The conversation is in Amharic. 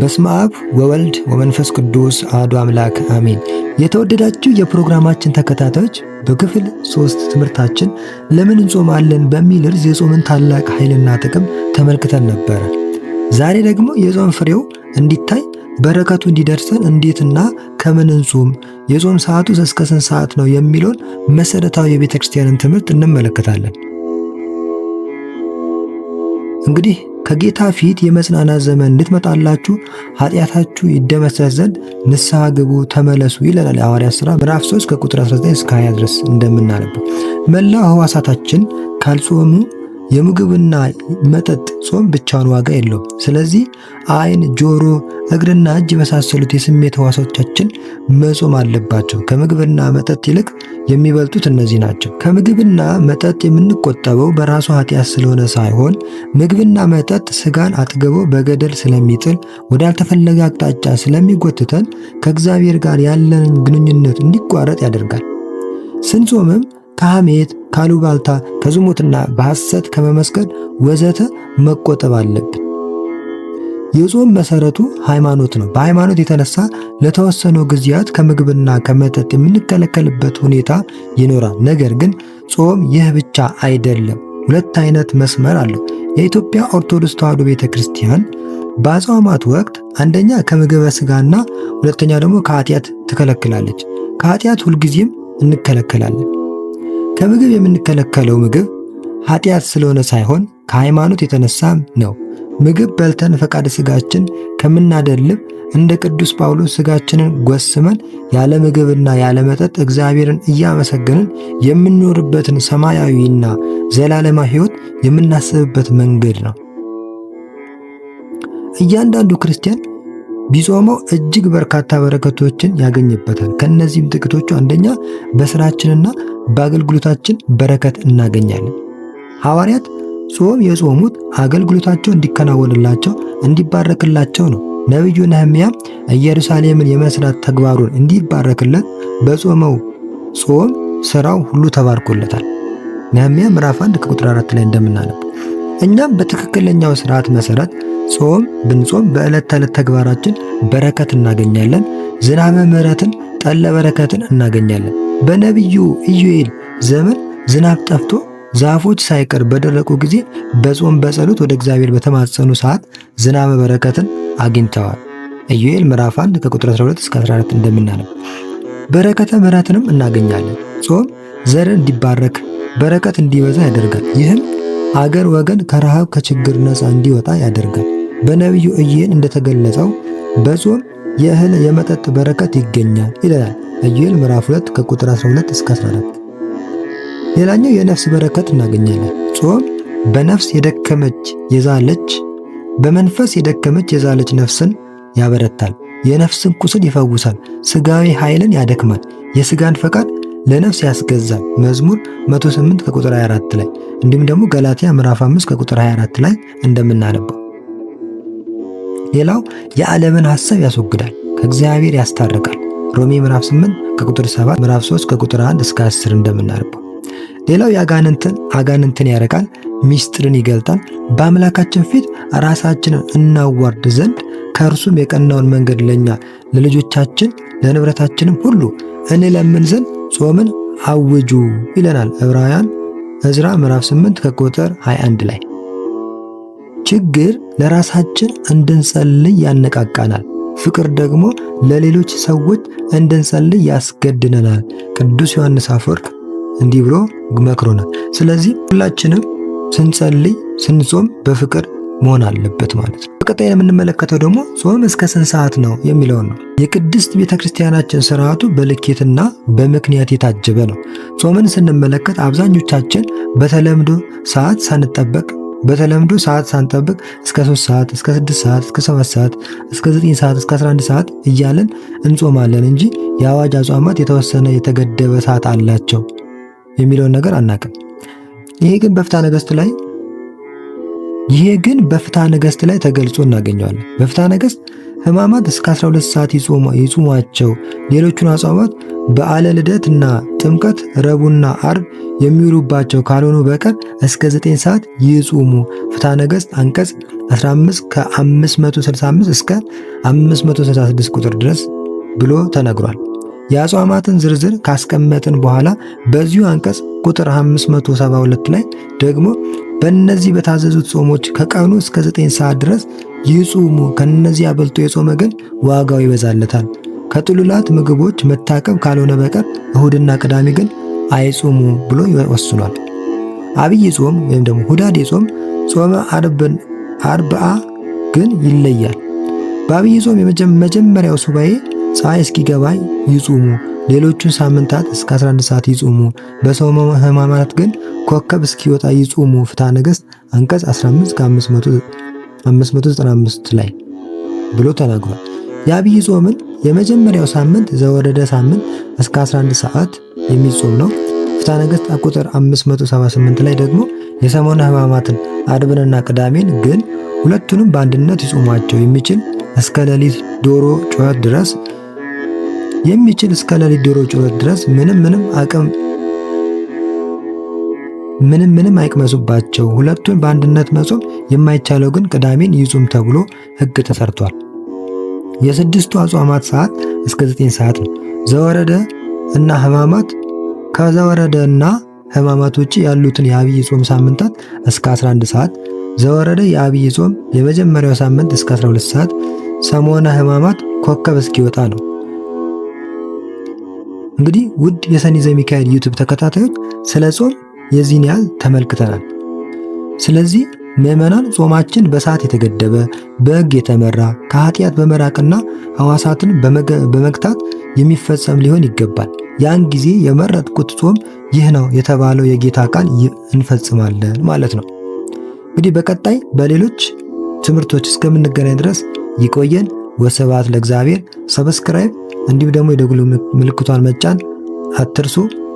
በስመ አብ ወወልድ ወመንፈስ ቅዱስ አሐዱ አምላክ አሜን። የተወደዳችሁ የፕሮግራማችን ተከታታዮች በክፍል ሶስት ትምህርታችን ለምን እንጾማለን በሚል ርዕስ የጾምን ታላቅ ኃይልና ጥቅም ተመልክተን ነበረ። ዛሬ ደግሞ የጾም ፍሬው እንዲታይ በረከቱ እንዲደርሰን እንዴትና ከምን እንጹም፣ የጾም ሰዓቱ እስከ ስንት ሰዓት ነው የሚለውን መሰረታዊ የቤተ ክርስቲያንን ትምህርት እንመለከታለን። እንግዲህ ከጌታ ፊት የመጽናናት ዘመን እንድትመጣላችሁ ኃጢአታችሁ ይደመሰስ ዘንድ ንስሐ ግቡ ተመለሱ ይለናል የሐዋርያት ሥራ ምዕራፍ 3 ከቁጥር 19 እስከ 20 ድረስ እንደምናነበው መላው ሕዋሳታችን ካልጾሙ የምግብና መጠጥ ጾም ብቻውን ዋጋ የለውም። ስለዚህ አይን ጆሮ፣ እግርና እጅ የመሳሰሉት የስሜት ህዋሶቻችን መጾም አለባቸው። ከምግብና መጠጥ ይልቅ የሚበልጡት እነዚህ ናቸው። ከምግብና መጠጥ የምንቆጠበው በራሱ ኃጢአት ስለሆነ ሳይሆን ምግብና መጠጥ ስጋን አጥግቦ በገደል ስለሚጥል ወዳልተፈለገ አቅጣጫ ስለሚጎትተን ከእግዚአብሔር ጋር ያለን ግንኙነት እንዲቋረጥ ያደርጋል። ስንጾምም ከሐሜት ካሉባልታ ከዝሙትና በሐሰት ከመመስገን ወዘተ መቆጠብ አለብን። የጾም መሰረቱ ሃይማኖት ነው። በሃይማኖት የተነሳ ለተወሰነው ጊዜያት ከምግብና ከመጠጥ የምንከለከልበት ሁኔታ ይኖራል። ነገር ግን ጾም ይህ ብቻ አይደለም። ሁለት አይነት መስመር አለው። የኢትዮጵያ ኦርቶዶክስ ተዋሕዶ ቤተ ክርስቲያን በአጽዋማት ወቅት አንደኛ ከምግበ ሥጋና ሁለተኛ ደግሞ ከኃጢአት ትከለክላለች። ከኃጢአት ሁልጊዜም እንከለከላለን። ከምግብ የምንከለከለው ምግብ ኃጢአት ስለሆነ ሳይሆን ከሃይማኖት የተነሳ ነው። ምግብ በልተን ፈቃደ ስጋችን ከምናደልብ እንደ ቅዱስ ጳውሎስ ስጋችንን ጎስመን ያለ ምግብና ያለ መጠጥ እግዚአብሔርን እያመሰገንን የምንኖርበትን ሰማያዊና ዘላለማ ሕይወት የምናስብበት መንገድ ነው። እያንዳንዱ ክርስቲያን ቢጾመው እጅግ በርካታ በረከቶችን ያገኝበታል። ከነዚህም ጥቂቶቹ አንደኛ በስራችንና በአገልግሎታችን በረከት እናገኛለን። ሐዋርያት ጾም የጾሙት አገልግሎታቸው እንዲከናወንላቸው እንዲባረክላቸው ነው። ነቢዩ ነህምያም ኢየሩሳሌምን የመስራት ተግባሩን እንዲባረክለት በጾመው ጾም ስራው ሁሉ ተባርኮለታል። ነህምያ ምዕራፍ 1 ከቁጥር 4 ላይ እንደምናነብ እኛም በትክክለኛው ስርዓት መሰረት ጾም ብንጾም በዕለት ተዕለት ተግባራችን በረከት እናገኛለን። ዝናበ ምሕረትን ጠለ በረከትን እናገኛለን። በነቢዩ ኢዩኤል ዘመን ዝናብ ጠፍቶ ዛፎች ሳይቀር በደረቁ ጊዜ በጾም በጸሎት ወደ እግዚአብሔር በተማጸኑ ሰዓት ዝናበ በረከትን አግኝተዋል። ኢዩኤል ምዕራፍ 1 ከቁጥር 12 እስከ 14 እንደምናነብ በረከተ ምሕረትንም እናገኛለን። ጾም ዘር እንዲባረክ በረከት እንዲበዛ ያደርጋል። ይህም አገር ወገን ከረሃብ ከችግር ነፃ እንዲወጣ ያደርጋል። በነቢዩ ኢዩኤል እንደተገለጸው በጾም የእህል የመጠጥ በረከት ይገኛል ይለናል ኢዩኤል ምዕራፍ 2 ከቁጥር 12 እስከ 14። ሌላኛው የነፍስ በረከት እናገኛለን። ጾም በነፍስ የደከመች የዛለች በመንፈስ የደከመች የዛለች ነፍስን ያበረታል። የነፍስን ቁስል ይፈውሳል። ስጋዊ ኃይልን ያደክማል። የስጋን ፈቃድ ለነፍስ ያስገዛል መዝሙር 108 ከቁጥር 24 ላይ እንዲሁም ደግሞ ገላትያ ምዕራፍ 5 ከቁጥር 24 ላይ እንደምናነበው ሌላው የዓለምን ሐሳብ ያስወግዳል፣ ከእግዚአብሔር ያስታርቃል ሮሜ ምዕራፍ 8 ከቁጥር 7 ምዕራፍ 3 ከቁጥር 1 እስከ 10 እንደምናነበው ሌላው የአጋንንትን አጋንንትን ያረቃል፣ ሚስጥርን ይገልጣል፣ በአምላካችን ፊት ራሳችንን እናዋርድ ዘንድ ከእርሱም የቀናውን መንገድ ለእኛ ለልጆቻችን ለንብረታችንም ሁሉ እንለምን ዘንድ ጾምን አውጁ ይለናል ዕብራውያን ዕዝራ ምዕራፍ 8 ከቁጥር 21 ላይ። ችግር ለራሳችን እንድንጸልይ ያነቃቃናል። ፍቅር ደግሞ ለሌሎች ሰዎች እንድንጸልይ ያስገድነናል። ቅዱስ ዮሐንስ አፈወርቅ እንዲህ ብሎ መክሮናል። ስለዚህ ሁላችንም ስንጸልይ፣ ስንጾም በፍቅር መሆን አለበት ማለት ነው። በቀጣይ የምንመለከተው ደግሞ ጾም እስከ ስንት ሰዓት ነው የሚለውን ነው። የቅድስት ቤተ ክርስቲያናችን ስርዓቱ በልኬትና በምክንያት የታጀበ ነው። ጾምን ስንመለከት አብዛኞቻችን በተለምዶ ሰዓት ሳንጠበቅ በተለምዶ ሰዓት ሳንጠብቅ እስከ 3 ሰዓት እስከ 6 ሰዓት እስከ 7 ሰዓት እስከ 9 ሰዓት እስከ 11 ሰዓት እያለን እንጾማለን እንጂ የአዋጅ አጽዋማት የተወሰነ የተገደበ ሰዓት አላቸው የሚለውን ነገር አናቅም። ይሄ ግን በፍትሐ ነገሥት ላይ ይሄ ግን በፍትሐ ነገሥት ላይ ተገልጾ እናገኘዋለን። በፍትሐ ነገሥት ሕማማት እስከ 12 ሰዓት ይጾማቸው ሌሎቹን አጽዋማት በዓለ ልደትና ጥምቀት ረቡና አርብ የሚውሉባቸው ካልሆኑ በቀር እስከ 9 ሰዓት ይጹሙ። ፍትሐ ነገሥት አንቀጽ 15 ከ565 እስከ 566 ቁጥር ድረስ ብሎ ተነግሯል። የአጽዋማትን ዝርዝር ካስቀመጥን በኋላ በዚሁ አንቀጽ ቁጥር 572 ላይ ደግሞ በእነዚህ በታዘዙት ጾሞች ከቀኑ እስከ ዘጠኝ ሰዓት ድረስ ይጹሙ። ከነዚህ አበልጦ የጾመ ግን ዋጋው ይበዛለታል። ከጥሉላት ምግቦች መታቀብ ካልሆነ በቀር እሁድና ቅዳሜ ግን አይጹሙ ብሎ ወስኗል። አብይ ጾም ወይም ደግሞ ሁዳዴ ጾም ጾመ አርብዓ ግን ይለያል። በአብይ ጾም የመጀመሪያው ሱባኤ ፀሐይ እስኪገባ ይጹሙ። ሌሎቹን ሳምንታት እስከ 11 ሰዓት ይጹሙ። በሰሙነ ሕማማት ግን ኮከብ እስኪወጣ ይጹሙ ፍትሐ ነገሥት አንቀጽ ከ595 ላይ ብሎ ተናግሯል። የአብይ ጾምን የመጀመሪያው ሳምንት ዘወረደ ሳምንት እስከ 11 ሰዓት የሚጾም ነው። ፍትሐ ነገሥት ቁጥር 578 ላይ ደግሞ የሰሞነ ሕማማትን አርብንና ቅዳሜን ግን ሁለቱንም በአንድነት ይጾሟቸው የሚችል እስከ ሌሊት ዶሮ ጩኸት ድረስ የሚችል እስከ ሌሊት ዶሮ ጩኸት ድረስ ምንም ምንም አቅም ምንም ምንም አይቅመሱባቸው፣ ሁለቱን በአንድነት መጾም የማይቻለው ግን ቅዳሜን ይጹም ተብሎ ሕግ ተሰርቷል። የስድስቱ አጽዋማት ሰዓት እስከ 9 ሰዓት ነው። ዘወረደ እና ሕማማት ከዘወረደ እና ሕማማት ውጭ ያሉትን የአብይ ጾም ሳምንታት እስከ 11 ሰዓት፣ ዘወረደ የአብይ ጾም የመጀመሪያው ሳምንት እስከ 12 ሰዓት፣ ሰሞነ ሕማማት ኮከብ እስኪወጣ ነው። እንግዲህ ውድ የሰኒ ዘሚካኤል ዩቱብ ተከታታዮች ስለ ጾም የዚህን ያህል ተመልክተናል። ስለዚህ ምዕመናን ጾማችን በሰዓት የተገደበ በሕግ የተመራ ከኃጢአት በመራቅና ሐዋሳትን በመግታት የሚፈጸም ሊሆን ይገባል። ያን ጊዜ የመረጥኩት ጾም ይህ ነው የተባለው የጌታ ቃል እንፈጽማለን ማለት ነው። እንግዲህ በቀጣይ በሌሎች ትምህርቶች እስከምንገናኝ ድረስ ይቆየን። ወስብሐት ለእግዚአብሔር። ሰብስክራይብ እንዲሁም ደግሞ የደጉሉ ምልክቷን መጫን አትርሱ።